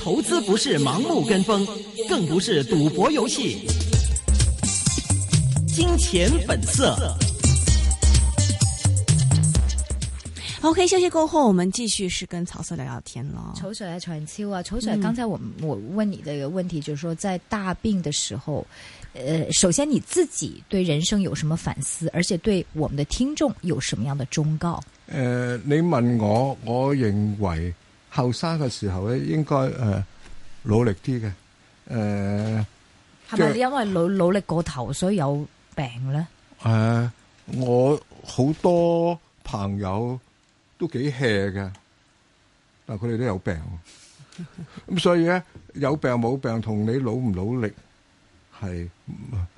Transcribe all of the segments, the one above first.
投資不是盲目跟風，更不是賭博遊戲。金錢本色。色 OK，休息過後，我們繼續是跟曹色聊聊天了。醜水啊，醜秋啊，醜水、嗯，剛才我們我問你的一個問題，就是說在大病的時候，呃，首先你自己對人生有什麼反思，而且對我們的聽眾有什麼樣的忠告？誒，你問我，我認為後生嘅時候咧，應該誒努力啲嘅。誒，係咪因為努努力過頭，所以有病咧？誒，我好多朋友都幾 hea 嘅，但係佢哋都有病。咁所以咧，有病冇病，同你努唔努力係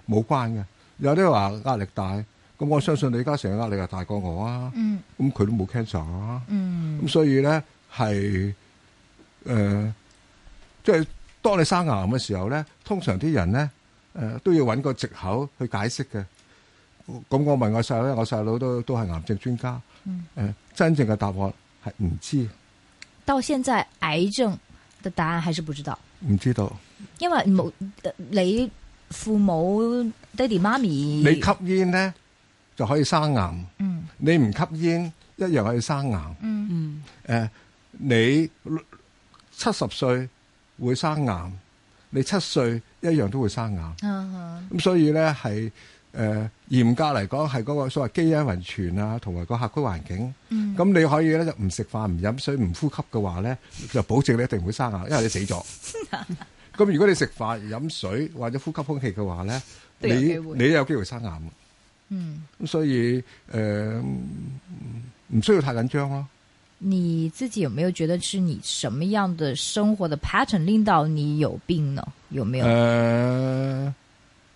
冇關嘅。有啲話壓力大。咁、嗯、我相信李嘉誠嘅壓力係大過我啊！咁佢、嗯、都冇 cancer 啊！咁、嗯、所以咧係誒，即係、呃就是、當你生癌嘅時候咧，通常啲人咧誒、呃、都要揾個藉口去解釋嘅。咁我問我細佬，我細佬都係都係癌症專家。誒、嗯呃，真正嘅答案係唔知。到現在癌症嘅答案還是不知道，唔知道，因為冇你父母、嗯、父母爹哋媽咪，你吸煙咧。就可以生癌。嗯、你唔吸煙一樣可以生癌。嗯嗯呃、你七十歲會生癌，你七歲一樣都會生癌。咁、啊啊、所以咧係誒嚴格嚟講係嗰個所謂基因遺傳啊，同埋個客居環境。咁、嗯、你可以咧就唔食飯、唔飲水、唔呼吸嘅話咧，就保證你一定唔會生癌，因為你死咗。咁 如果你食飯、飲水或者呼吸空氣嘅話咧，你都有你有機會生癌。嗯，咁所以誒唔、呃、需要太緊張咯。你自己有沒有覺得，是你什麼樣的生活的 pattern 令到你有病呢？有沒有？誒、呃，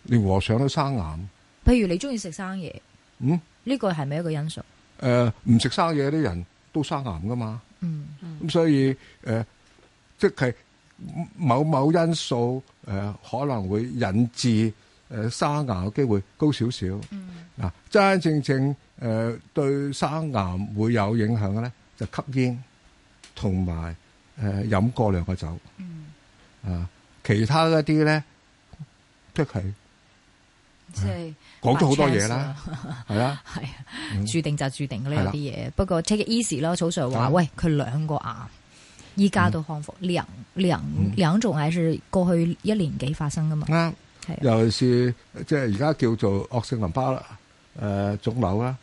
連和尚都生癌。譬如你中意食生嘢，嗯，呢個係咪一個因素？誒、呃，唔食生嘢啲人都生癌噶嘛嗯？嗯，咁所以誒、呃，即係某某因素誒、呃，可能會引致。誒，砂癌嘅機會高少少。嗯，真真正正誒對生癌會有影響嘅咧，就吸煙同埋誒飲過量嘅酒。啊，其他嗰啲咧，即係講咗好多嘢啦，係啦，係註定就注定嗰啲嘢。不過 take it easy 啦，草 Sir 話，喂，佢兩個癌，依家都康復，兩兩兩種癌是過去一年幾發生噶嘛。尤其是即係而家叫做惡性淋巴啦，誒、呃、腫瘤啦，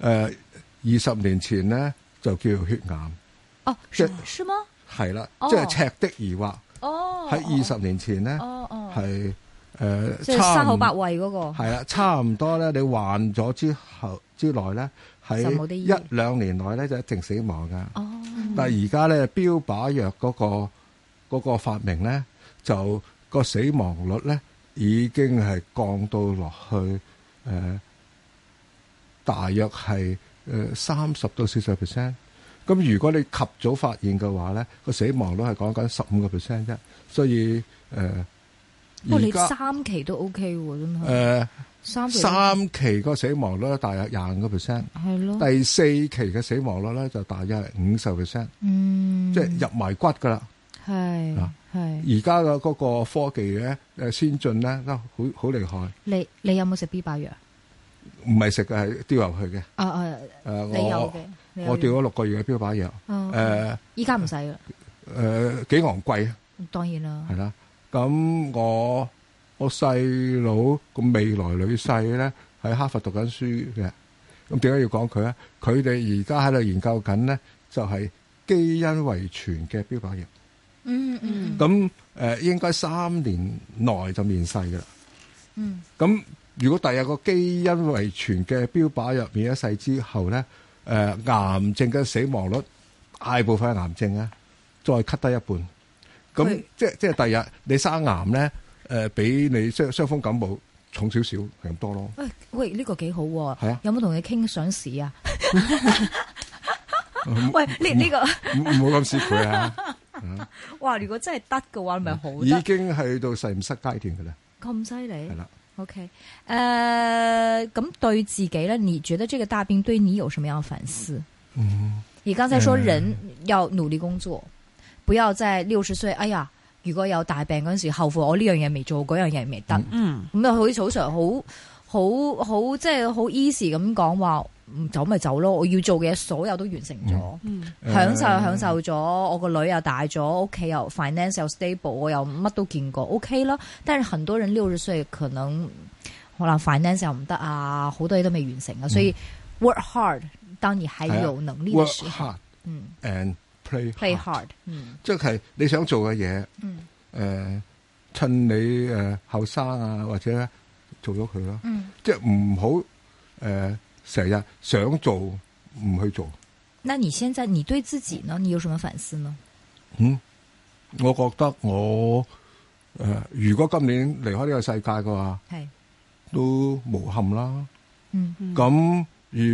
誒、呃、二十年前呢，就叫血癌。哦、啊，即是嗎？係啦了，即係尺的疑惑。哦，喺、哦、二十年前呢，哦哦，係誒差唔多百位個。係啦，差唔多咧，你患咗之後之內咧，喺一兩年內咧就一定死亡噶。哦，但係而家咧標靶藥嗰、那個嗰、那個發明咧，就個死亡率咧。已經係降到落去，誒、呃，大約係誒三十到四十 percent。咁、呃、如果你及早發現嘅話咧，個死亡率係講緊十五個 percent 啫。所以誒、呃啊，你三期都 OK 喎，真、呃、三期、OK、的三期個死亡率大約廿五個 percent，係咯。的第四期嘅死亡率咧就大約五十 percent，嗯，即係入埋骨㗎啦，係是。啊而家嘅嗰個科技咧，誒，先進咧，都好好厲害。你你有冇食標靶藥？唔係食嘅，係丟入去嘅。啊啊，你有嘅，我我掉咗六個月嘅標靶藥。誒，依家唔使啦。誒，幾昂貴啊？當然啦。係啦，咁我我細佬個未來女婿咧喺哈佛讀緊書嘅。咁點解要講佢咧？佢哋而家喺度研究緊呢，就係基因遺傳嘅標靶藥。嗯嗯，咁、嗯、誒、呃，應該三年內就面世噶啦。嗯，咁如果第日個基因遺傳嘅標靶入面一世之後咧，誒、呃，癌症嘅死亡率大部分係癌症啊，再 cut 低一半，咁即係即係第日你生癌咧，誒、呃，俾你傷傷風感冒重少少係咁多咯。喂喂，呢、這個幾好，係啊，啊有冇同你傾上市啊？喂，呢呢個唔好咁斯佢啊！嗯、哇！如果真係得嘅話，咪好、嗯、已經去到實驗室階段噶啦，咁犀利係啦。了 OK，誒、呃，咁對自己咧，你覺得這個大病對你有什麼樣反思？嗯、而你剛才說、嗯、人要努力工作，不要在六十歲，哎呀，如果有大病嗰陣時候後悔，我呢樣嘢未做，嗰樣嘢未得，嗯，咁又好似早上好好好，即係好 easy 咁講話。唔走咪走咯！我要做嘅所有都完成咗，嗯、享受、嗯、享受咗，嗯、我個女又大咗，屋企又 financial stable，我又乜都見過，OK 囉，但係很多人六十歲可能可能 financial 唔得啊，好多嘢都未完成啊，嗯、所以 work hard。當你還有能力嘅時候，work hard。嗯，and play hard, 嗯 play hard。嗯，即係你想做嘅嘢，嗯，誒、呃，趁你誒後生啊，或者做咗佢咯。即係唔好誒。成日想做唔去做。那你現在，你對自己呢？你有什麼反思呢？嗯，我覺得我誒、呃，如果今年離開呢個世界嘅話，係都無憾啦。嗯，咁、嗯、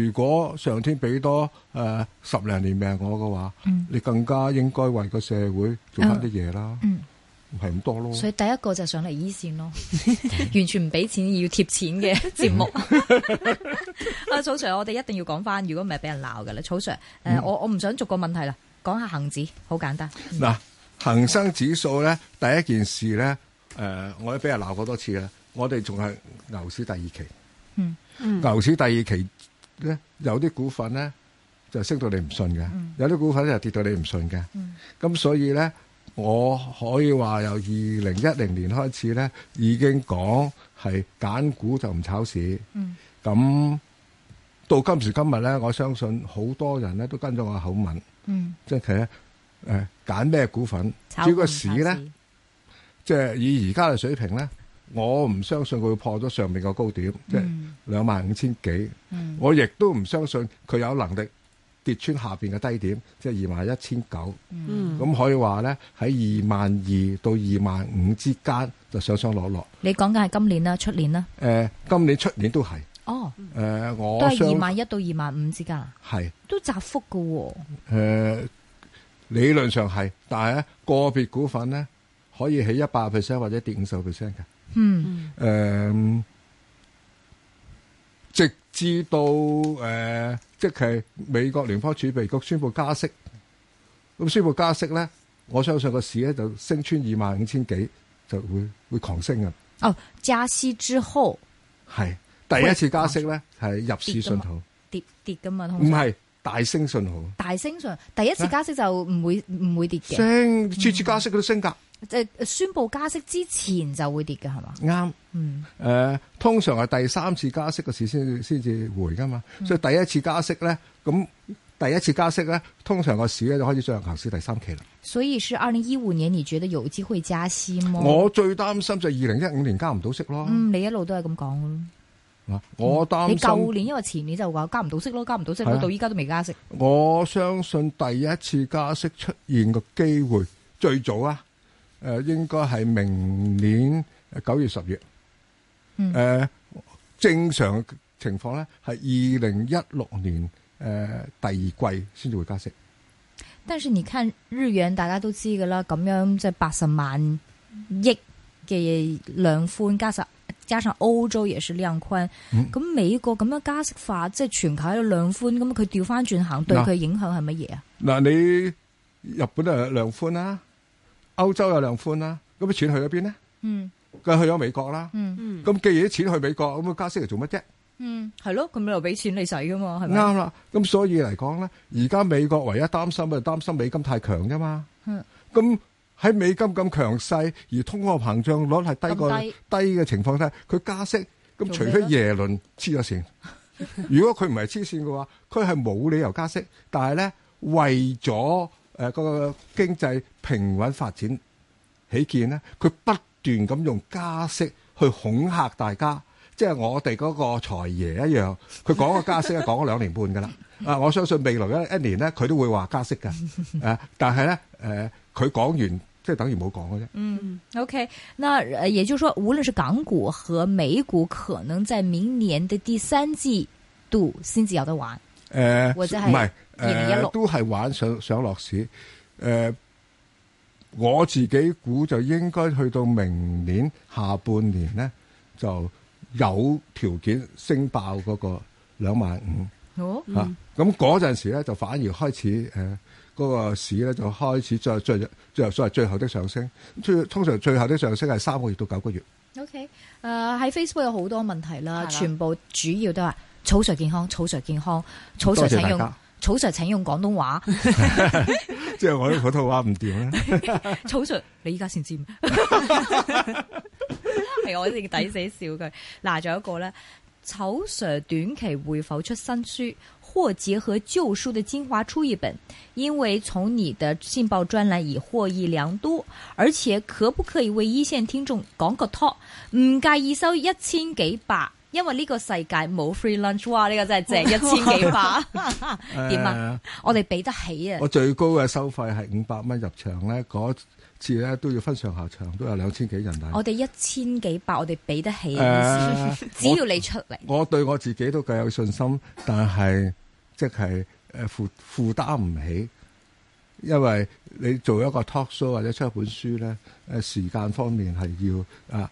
如果上天俾多誒、呃、十零年命我嘅話，嗯、你更加應該為個社會做返啲嘢啦。嗯。嗯。係咁多咯，所以第一個就是上嚟 E 線咯，完全唔俾錢，要貼錢嘅節目。啊， 草 Sir，呃嗯、我哋一定要講翻，如果唔係俾人鬧㗎啦。草 Sir，誒，我我唔想逐個問題啦，講下恒指，好簡單。嗱、嗯，恒生指數咧，第一件事咧，誒、呃，我都俾人鬧過多次啦，我哋仲係牛市第二期。嗯，嗯牛市第二期咧，有啲股份咧就升到你唔信嘅，嗯、有啲股份就跌到你唔信嘅。咁、嗯、所以咧。我可以話由二零一零年開始咧，已經講係揀股就唔炒市。咁、嗯、到今時今日咧，我相信好多人咧都跟咗我口吻，即係其實誒揀咩股份，至於個市咧，即係粉以而家嘅水平咧，我唔相信佢會破咗上面個高點，即係兩萬五千幾。25, 嗯、我亦都唔相信佢有能力。跌穿下邊嘅低點，即係二萬一千九，咁、嗯、可以話咧喺二萬二到二萬五之間就上上落落。你講緊係今年啦，出年啦。誒、呃，今年出年都係。哦。誒、呃，我都係二萬一到二萬五之間。係是。都窄幅嘅喎，哦呃。理論上係，但係咧個別股份咧可以起一百 percent 或者跌五十 percent 嘅。嗯。誒、呃。至到、呃、即係美國聯邦儲備局宣布加息，咁宣布加息咧，我相信個市咧就升穿二萬五千幾，就會會狂升嘅。哦，加息之後係第一次加息咧，係會入市信號跌跌㗎嘛，唔係大升信號，大升信第一次加息就唔會唔、啊、會跌嘅，升次次加息都升㗎。即係宣布加息之前就會跌嘅，係嘛？啱，嗯，誒，通常係第三次加息嘅時先先至回噶嘛。嗯、所以第一次加息咧，咁第一次加息咧，通常個市咧就開始進行行市第三期啦。所以，是二零一五年你覺得有機會加息嗎？我最擔心就係二零一五年加唔到息咯。嗯，你一路都係咁講咯，我擔心你舊年因為前年就話加唔到息咯，加唔到息，啊，到依家都未加息。我相信第一次加息出現嘅機會最早啊。誒、呃，應該係明年九月、十月。嗯。誒、呃，正常情況咧，係二零一六年誒、呃、第二季先至會加息。但是你看日元，大家都知噶啦，咁樣即係八十萬億嘅量寬，加上加上歐洲也是量寬，咁、嗯、美國咁樣加息法，即係全球喺度量寬，咁佢調翻轉行，對佢影響係乜嘢啊？嗱，你日本誒量寬啦。歐洲有量寬啦，咁啲錢去咗邊咧？嗯，佢去咗美國啦。嗯嗯，咁既然啲錢去美國，咁佢加息嚟做乜啫？嗯，係咯，咁又俾錢你使噶嘛？係咪？啱啦，咁所以嚟講咧，而家美國唯一擔心嘅，擔心美金太強啫嘛。嗯，咁喺美金咁強勢，而通貨膨脹率係低過低嘅情況底下，佢加息，咁除非耶倫黐咗線。如果佢唔係黐線嘅話，佢係冇理由加息。但係咧，為咗。誒，個、呃、經濟平穩發展起見呢，佢不斷咁用加息去恐嚇大家，即係我哋嗰個財爺一樣，佢講個加息啊，講咗兩年半噶啦， 啊，我相信未來一一年都會話加息㗎、啊、但係呢，佢都會話加息噶，誒，但係咧，誒、嗯，佢講完即係等於冇講嘅啫。嗯，OK，那也就是說，無論是港股和美股，可能在明年的第三季度先至有得玩。誒，唔係、呃，誒，都係玩上上落市。誒、呃，我自己估就應該去到明年下半年呢，就有條件升爆嗰個兩萬五。好、啊，吓，咁嗰陣時咧就反而開始，誒、呃，嗰、那個市咧就開始再再再所謂最後的上升。最通常最後的上升係三個月到九個月。OK，、uh, 誒，喺 Facebook 有好多問題啦，的全部主要都係。曹 sir 健康，曹 sir 健康，曹 sir 請用，曹 sir 請用廣東話。即係、 哎、我嗰套話唔掂咧。曹 sir，你依家先知咩？係我先抵死笑佢。嗱，仲有一個咧，曹 sir 短期會否出新書，或結合舊書的精華出一本？因為從你的信報專欄已獲益良多，而且可不可以為醫生聽眾講個 talk？唔介意收一千幾百？因為呢個世界冇 free lunch 哇！呢個真係正一千幾百點啊？我哋俾得起啊！我最高嘅收費係五百蚊入場咧，嗰次咧都要分上下場，都有兩千幾人。我哋一千幾百，我哋俾得起，只要你出嚟。我對我自己都夠有信心，但係即係誒負負擔唔起，因為你做一個 talk show 或者出一本書咧，誒時間方面係要啊，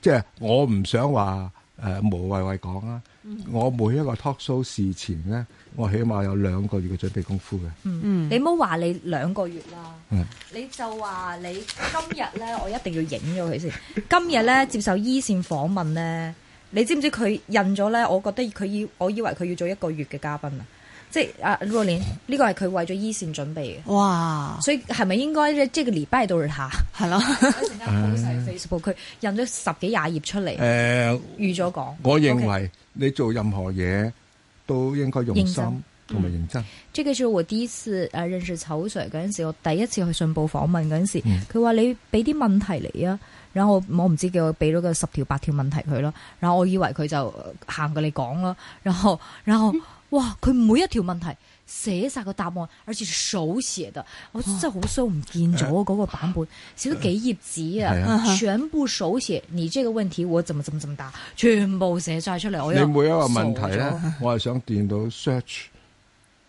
即係我唔想話。誒，毛慧慧講啦，嗯、我每一個 talk show 事前咧，我起碼有兩個月嘅準備功夫嘅。嗯嗯，你唔好話你兩個月啦，嗯、你就話你今日咧， 我一定要影咗佢先。今日咧接受醫、e、線訪問咧，你知唔知佢印咗咧？我覺得佢要，我以為佢要做一個月嘅嘉賓啊。即係阿若蓮呢個係佢為咗一線準備嘅，哇！所以係咪應該咧？呢個禮拜都係他係咯。我成日好晒 Facebook，佢印咗十幾廿頁出嚟。誒、呃，預咗講，我認為你做任何嘢都應該用心同埋認真。記得住，嗯、我第一次誒認識丑 Sir 嗰陣時，我第一次去信報訪問嗰陣時，佢話、嗯、你俾啲問題嚟啊，然後我唔知叫俾咗個十條八條問題佢咯，然後我以為佢就行過你講咯，然後然後。嗯哇！佢每一條問題寫晒個答案，而且係手寫嘅，哇我真係好衰，唔見咗嗰個版本，寫咗幾頁紙啊，全部手寫。你這個問題我怎麼怎麼怎麼答，全部寫晒出嚟。我你每一個問題咧，我係想電腦 search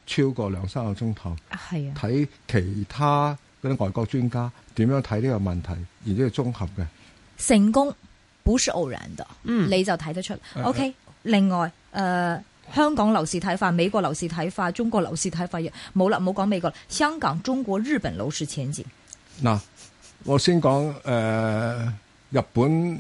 超過兩三個鐘頭，係啊，睇其他啲外國專家點樣睇呢個問題，然之後綜合嘅，成功不是偶然的，嗯、你就睇得出。OK，另外，誒、呃。香港樓市睇法，美國樓市睇法，中國樓市睇法。冇啦，冇講美國，香港、中國、日本樓市前景。嗱，我先講誒、呃、日本誒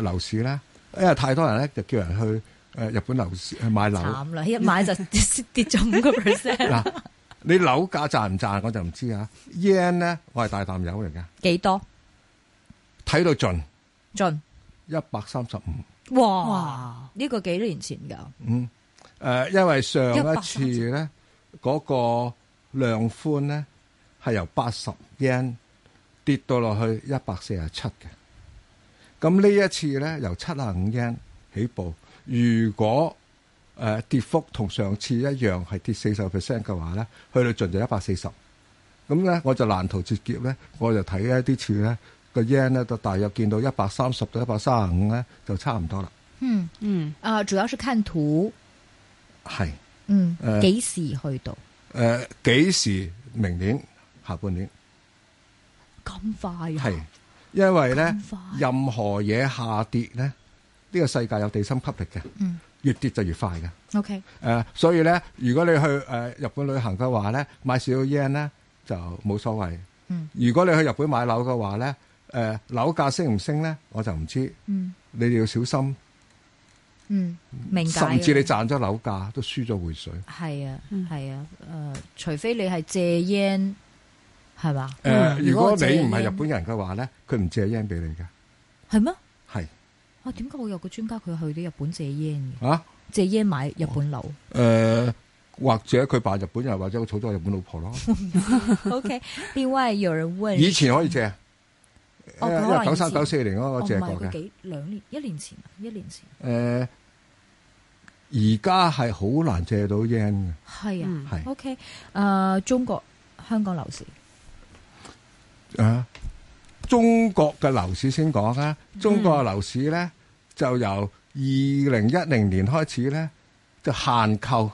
樓、呃、市啦，因為太多人咧就叫人去誒、呃、日本樓市買樓。慘啦，一買就跌跌咗五個 percent。嗱 你樓價賺唔賺，我就唔知啊。yen 呢，我係大淡友嚟噶。幾多少？睇到盡。盡盡。一百三十五。哇！呢、這個幾多年前噶，嗯，誒、呃，因為上一次咧，嗰、那個量寬咧係由八十 yen 跌到落去一百四十七嘅，咁呢一次咧由七十五 yen 起步，如果誒、呃、跌幅同上次一樣係跌四十 percent 嘅話咧，去到盡就一百四十，咁咧我就難逃絕劫咧，我就睇一啲次呢。咧。個 yen 呢，就大約見到一百三十到一百三十五咧，就差唔多啦。嗯嗯，啊，主要是看圖，係是，嗯，幾、呃、時去到？誒、呃，幾時？明年下半年咁快、啊？係，因為咧，任何嘢下跌咧，呢、這個世界有地心吸力嘅，嗯、越跌就越快嘅。OK，誒，所以咧，如果你去誒、呃、日本旅行嘅話咧，買少少 yen 咧就冇所謂。嗯，如果你去日本買樓嘅話咧。誒，樓價升唔升咧？我就唔知。嗯，你哋要小心。嗯，明解。甚至你賺咗樓價，都輸咗回水。係啊，係啊，誒，除非你係借 yen，係嘛？誒，如果你唔係日本人嘅話咧，佢唔借 yen 俾你噶。係咩？係。啊，點解會有個專家佢去啲日本借 yen 啊，借 yen 買日本樓。誒，或者佢扮日本人，或者佢娶咗日本老婆咯。OK，另外有人問，以前可以借。誒，九三九四年嗰個借嘅，唔幾兩年，一年前，一年前。誒，而家係好難借到 yen 嘅。係啊，係。OK，誒，中國香港樓市啊，中國嘅樓市先講啦，中國嘅樓市咧就由二零一零年開始咧就限購，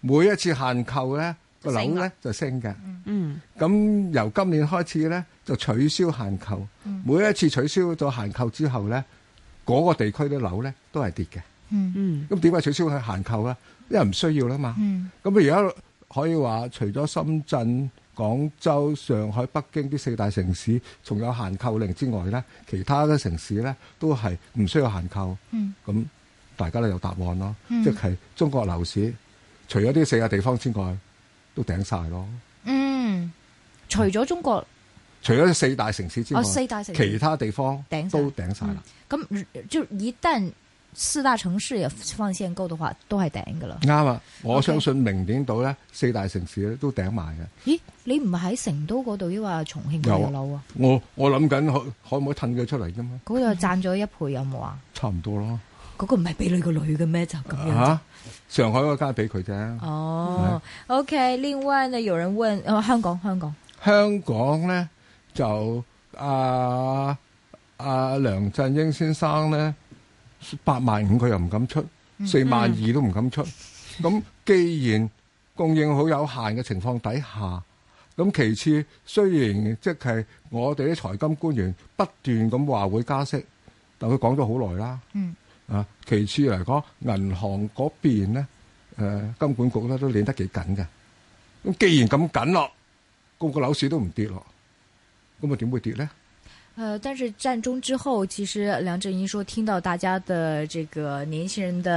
每一次限購咧。個樓咧就升嘅，嗯，咁由今年開始咧就取消限購，嗯、每一次取消咗限購之後咧，嗰、嗰個地區啲樓咧都係跌嘅、嗯，嗯嗯。咁點解取消限購呢？因為唔需要啦嘛。咁而家可以話，除咗深圳、廣州、上海、北京啲四大城市，仲有限購令之外咧，其他嘅城市咧都係唔需要限購。咁、嗯、大家都有答案咯，嗯、即係中國樓市除咗呢四個地方之外。都頂晒咯！嗯，除咗中國，啊、除咗四大城市之外，哦、四大四大其他地方都頂晒啦。咁、嗯、就一旦四大城市嘅放限購嘅話都係頂噶啦。啱啊了！Okay, 我相信明年到咧，四大城市咧都頂埋嘅。咦？你唔係喺成都嗰度抑或重慶有樓啊？我我諗緊可可唔可以褪佢出嚟噶嘛？嗰度賺咗一倍有冇啊？差唔多啦。嗰個唔係俾你個女嘅咩？就咁樣。吓、啊，上海嗰間俾佢啫。哦嗎，OK。另外呢，有人問，哦，香港，香港，香港咧就阿阿、呃呃、梁振英先生咧八萬五，佢又唔敢出，四萬二都唔敢出。咁、嗯、既然供應好有限嘅情況底下，咁其次雖然即係、就是、我哋啲財金官員不斷咁話會加息，但佢講咗好耐啦。嗯。啊，其次嚟講，銀行嗰邊呢誒，金管局咧都練得幾緊嘅。咁既然咁緊咯，個個樓市都唔跌咯，咁咪點會跌呢誒、呃，但係佔中之後，其實梁振英說聽到大家嘅呢個年輕人嘅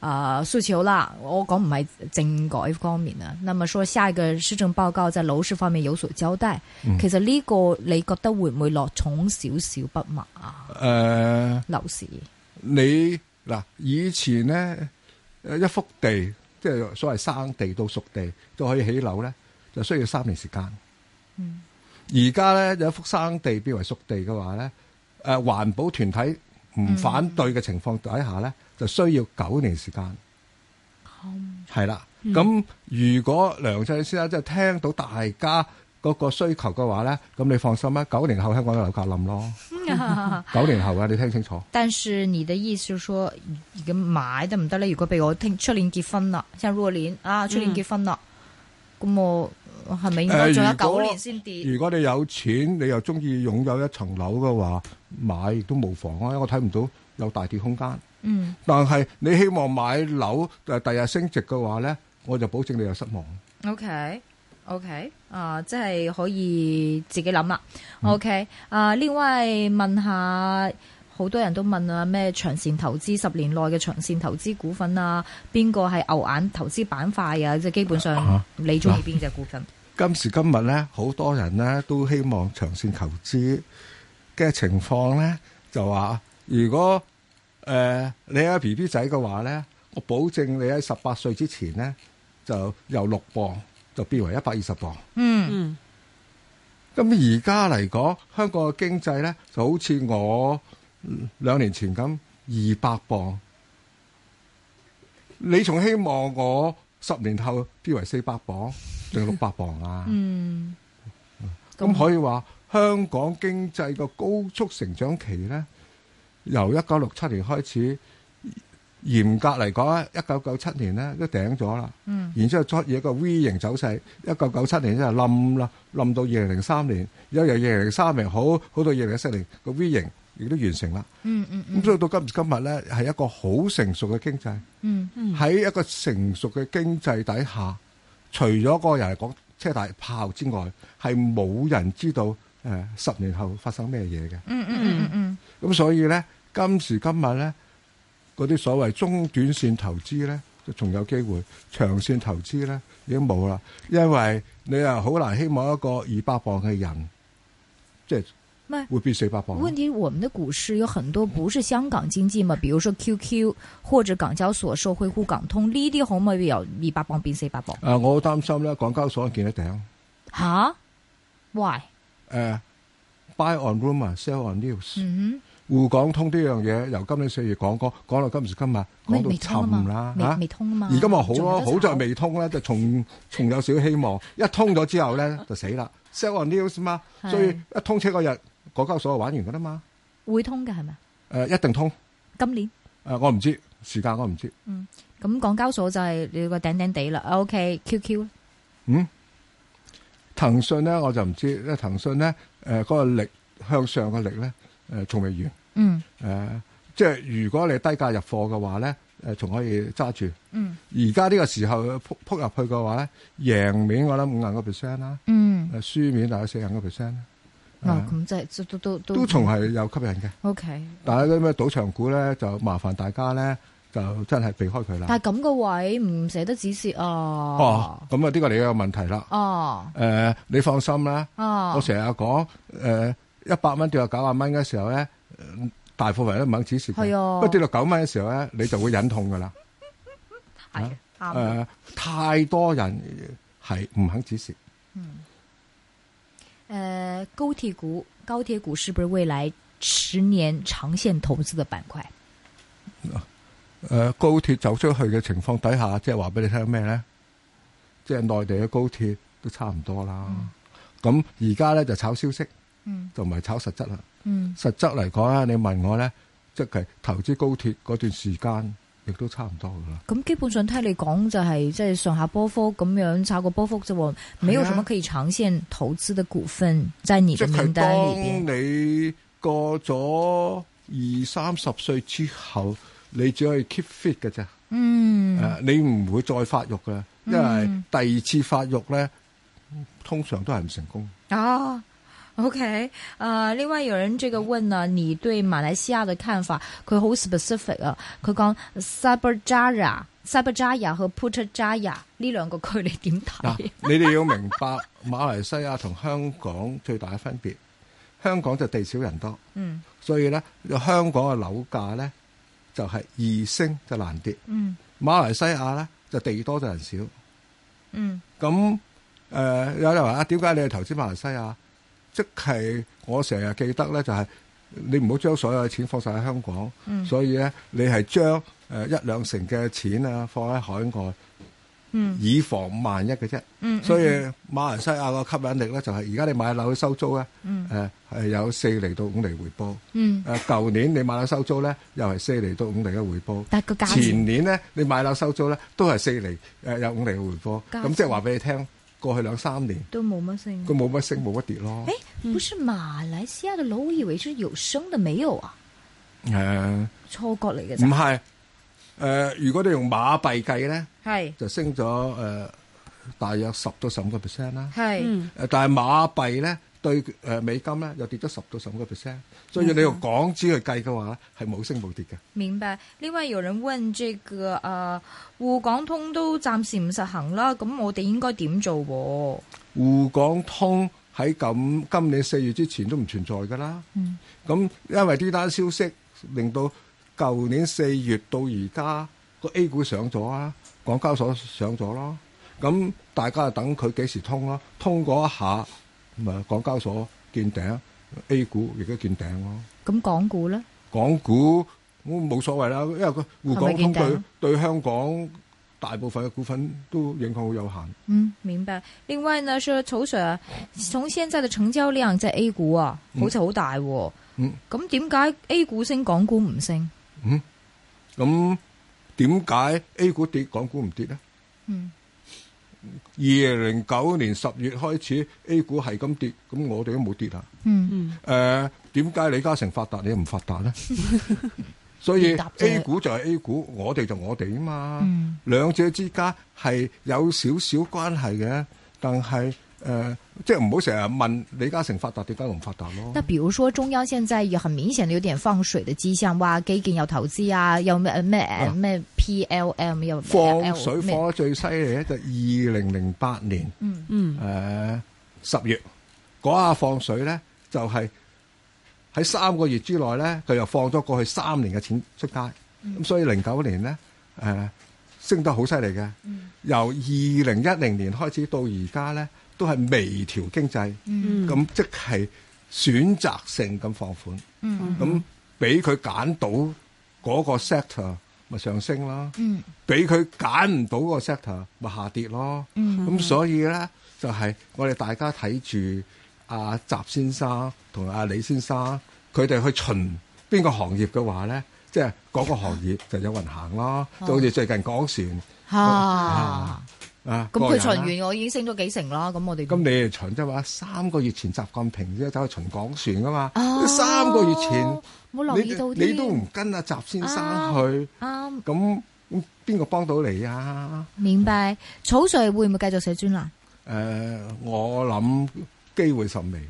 啊訴、呃、求啦，我講唔係政改方面啊，那麼說下一個施政報告喺樓市方面有所交代，嗯、其實呢個你覺得會唔會落重少少不物啊？誒、呃，樓市。你嗱以前咧，一幅地即係所謂生地到熟地都可以起樓咧，就需要三年時間。而家咧有一幅生地變為熟地嘅話咧，誒、啊、環保團體唔反對嘅情況底下咧，嗯、就需要九年時間。係啦、嗯，咁如果梁振英先生即係聽到大家，嗰個需求嘅話咧，咁你放心啦。九年後香港有樓價冧咯，九年 後啊，你聽清楚。 但是你的意思說買，如果買都唔得咧，如果俾我聽，出年結婚啦，一六年啊，出年結婚啦，咁我係咪應該仲有九年先跌？如果你有錢，你又中意擁有一層樓嘅話，買都無妨啊！因為我睇唔到有大跌空間。嗯，但係你希望買樓誒，第日升值嘅話咧，我就保證你有失望。OK。OK，啊，即係可以自己諗啦。嗯、OK，啊，另外問下，好多人都問啊，咩長線投資，十年內嘅長線投資股份啊？邊個係牛眼投資板塊啊？即係基本上，你中意邊隻股份，啊啊？今時今日呢，好多人呢都希望長線投資嘅情況呢，就話如果誒、呃、你係 B B 仔嘅話呢，我保證你喺十八歲之前呢就有六磅。就變為一百二十磅。嗯，咁而家嚟講，香港嘅經濟咧，就好似我兩年前咁二百磅。你仲希望我十年後變為四百磅定六百磅啊？嗯，咁可以話香港經濟個高速成長期咧，由一九六七年開始。嚴格嚟講，一九九七年咧都頂咗啦，然之後出現一個 V 型走勢。一九九七年之後冧啦，冧到二零零三年，又由二零零三年好好到二零一四年，個 V 型亦都完成啦。嗯嗯。咁所以到今時今日咧，係一個好成熟嘅經濟。嗯嗯。喺一個成熟嘅經濟底下，除咗個人嚟講車大炮之外，係冇人知道誒，十年後發生咩嘢嘅。嗯嗯嗯嗯。咁所以咧，今時今日咧。嗰啲所謂中短線投資咧，就仲有機會；長線投資咧，已經冇啦。因為你又好難希望一個二百磅嘅人，即係會變四百磅。問題：我們嘅股市有很多唔係香港經濟嘛？比如說 QQ 或者港交所、滬港通呢啲，可唔可以由二百磅變四百磅？啊！我好擔心咧，港交所見得頂？吓？Why？誒，buy on rumor，sell on news。嗯。嗯。滬港通呢樣嘢由今年四月講講，講到今時今日講到沉啦，未通啊嘛。未，未通而家咪好咯，好在未通咧，就重重有少希望。一通咗之後咧， 就死啦。sell on news 嘛，所以一通車嗰日，港交所就玩完噶啦嘛。會通嘅係咪？誒、呃，一定通。今年？誒、呃，我唔知時間，我唔知。嗯，咁港交所就係你個頂頂地啦。OK，QQ、okay。嗯，騰訊咧我就唔知，因為騰訊咧誒嗰個力，向上嘅力咧。誒，仲未完。嗯。誒，即係如果你低價入貨嘅話咧，誒，仲可以揸住。嗯。而家呢個時候撲撲入去嘅話咧，贏面我諗五十個 percent 啦。嗯。輸面大概四十個 percent。咁即係都都都都。仲係有吸引嘅。O K。但係嗰啲咩賭場股咧，就麻煩大家咧，就真係避開佢啦。但係咁個位唔捨得止蝕啊。哦。咁啊，呢個你有問題啦。哦。誒，你放心啦。哦。我成日講，誒。一百蚊跌到九十蚊嘅時候咧，大部分人都唔肯止蝕，哦、不過跌到九蚊嘅時候咧，你就會忍痛噶啦。係，誒，太多人係唔肯止蝕。嗯，誒、呃，高鐵股，高鐵股是不是未來十年長線投資嘅板塊？誒、呃，高鐵走出去嘅情況底下，即係話俾你聽咩咧？即係內地嘅高鐵都差唔多啦。咁而家咧就炒消息。嗯、就唔係炒實質啦，嗯、實質嚟講啊，你問我咧，即係投資高鐵嗰段時間，亦都差唔多噶啦。咁基本上聽你講就係即係上下波幅咁樣炒個波幅啫喎。沒有什麼可以長線投資嘅股份在你嘅名單裏邊。你過咗二三十歲之後，你只可以 keep fit 嘅啫。嗯，啊、你唔會再發育嘅，因為第二次發育咧，通常都係唔成功。嗯、哦。OK，啊、uh,，另外有人這個問呢、啊，你對馬來西亞的看法，佢好 specific 啊，佢講 Cyberjaya Cyberjaya 和 Putrajaya 呢兩個區你點睇？嗱、啊，你哋要明白 馬來西亞同香港最大嘅分別，香港就地少人多，嗯，所以呢香港嘅樓價呢就係、是、易升就難跌，嗯，馬來西亞呢就地多就人少，嗯，咁誒、呃、有人話啊，點解你去投資馬來西亞？即係我成日記得咧，就係你唔好將所有嘅錢放曬喺香港，所以咧你係將誒一兩成嘅錢啊放喺海外，以防萬一嘅啫。所以馬來西亞個吸引力咧，就係而家你買樓收租咧，誒係有四釐到五釐回報。誒舊年你買樓收租咧，又係四釐到五釐嘅回報。前年咧你買樓收租咧，都係四釐誒有五釐嘅回報。咁即係話俾你聽。過去兩三年都冇乜升，佢冇乜升冇乜、嗯、跌咯。誒、欸，唔係馬來西亞的樓，以為是有升的，沒有啊。係、嗯，錯覺嚟嘅，唔係。誒、呃，如果你用馬幣計咧，係是就升咗誒、呃、大約十到十五個 percent 啦。係是，誒，但係馬幣咧。對誒美金咧又跌咗十到十五個 percent，所以要你用港紙去計嘅話係冇升冇跌嘅。明白。呢位有人問：這個啊，滬港通都暫時唔實行啦，咁我哋應該點做？滬港通喺咁今年四月之前都唔存在噶啦。嗯。咁因為呢單消息令到舊年四月到而家個 A 股上咗啊，港交所上咗咯。咁大家就等佢幾時通咯？通過一下。咪港交所見頂，A 股亦都見頂咯。咁港股咧？港股我冇所謂啦，因為佢滬港通對對香港大部分嘅股份都影響好有限。嗯，明白。另外呢，曹 Sir，曹 Sir 啊，從現在嘅成交量即係 A 股啊，好似好大。嗯。咁點解 A 股升，港股唔升？嗯。咁點解 A 股跌，港股唔跌呢？嗯。二零零九年十月開始 A 股係咁跌，咁我哋都冇跌啊。嗯嗯。誒、呃，點解李嘉誠發達你又唔發達呢？ 所以 A 股就係 A 股，我哋就我哋啊嘛。兩、嗯、者之間係有少少關係嘅，但係。誒，即係唔好成日問李嘉誠發達點解唔發達咯？嗱，比如說中央現在又很明顯嘅有點放水嘅跡象，話基建有投資啊，有咩咩咩 P L M 又放水放得最犀利咧，就二零零八年，嗯誒十月嗰下放水咧，就係喺三個月之內咧，佢又放咗過去三年嘅錢出街，咁所以零九年咧誒升得好犀利嘅，由二零一零年開始到而家咧。都係微調經濟，咁、嗯、即係選擇性咁放款，咁俾佢揀到嗰個 sector 咪上升咯，俾佢揀唔到個 sector 咪下跌咯。咁、嗯、所以咧就係、是、我哋大家睇住阿習先生同阿、啊、李先生佢哋去巡邊個行業嘅話咧，即係嗰個行業就有運行咯，就好似最近港船。啊啊！咁佢巡完，我已經升咗幾成啦。咁我哋咁你嚟巡即係話，三個月前習近平先走去巡港船噶嘛？啊！三個月前，冇留意到你都唔跟阿習先生去，咁邊個幫到你啊？明白。曹 Sir 會唔會繼續寫專欄？誒，我諗機會甚微。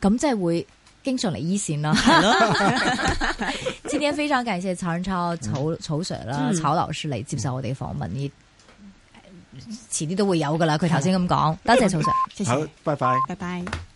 咁即係會經常嚟醫線咯。今天非常感謝曹仁超、曹、曹 Sir 啦、曹老師嚟接受我哋訪問。遲啲都會有㗎啦，佢頭先咁講。的多謝曹 Sir，好，拜拜，拜拜。拜拜。